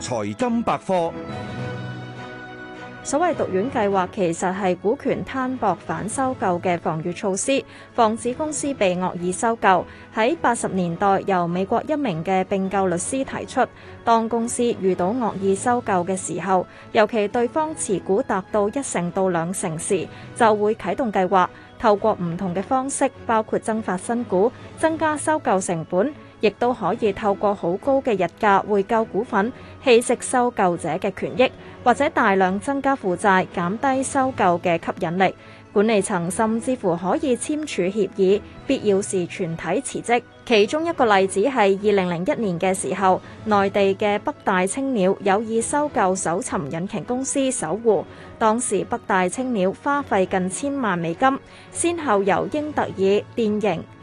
財金百科，所謂毒丸計劃，其實係股權攤薄反收購嘅防禦措施，防止公司被惡意收購。喺八十年代，由美國一名嘅併購律師提出，當公司遇到惡意收購嘅時候，尤其對方持股達到一成到兩成時，就會啟動計劃，透過唔同嘅方式，包括增發新股，增加收購成本。亦都可以透過好高嘅日價回購股份，稀釋收購者嘅權益，或者大量增加負債，減低收購嘅吸引力。管理層甚至乎可以簽署協議，必要時全體辭職。其中一個例子係二零零一年嘅時候，內地嘅北大青鳥有意收購搜尋引擎公司搜狐。當時北大青鳥花費近千萬美金，先後由英特爾、電盈。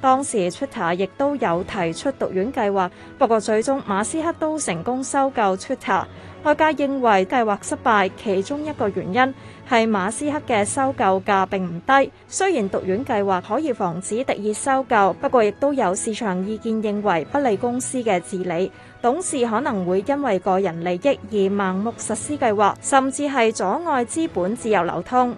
當時 Twitter 亦都有提出毒丸計劃，不過最終馬斯克都成功收購 Twitter。外界認為計劃失敗，其中一個原因係馬斯克嘅收購價並唔低。雖然毒丸計劃可以防止敵意收購，不過亦都有市場意見認為不利公司嘅治理，董事可能會因為個人利益而盲目實施計劃，甚至係阻礙資本自由流通。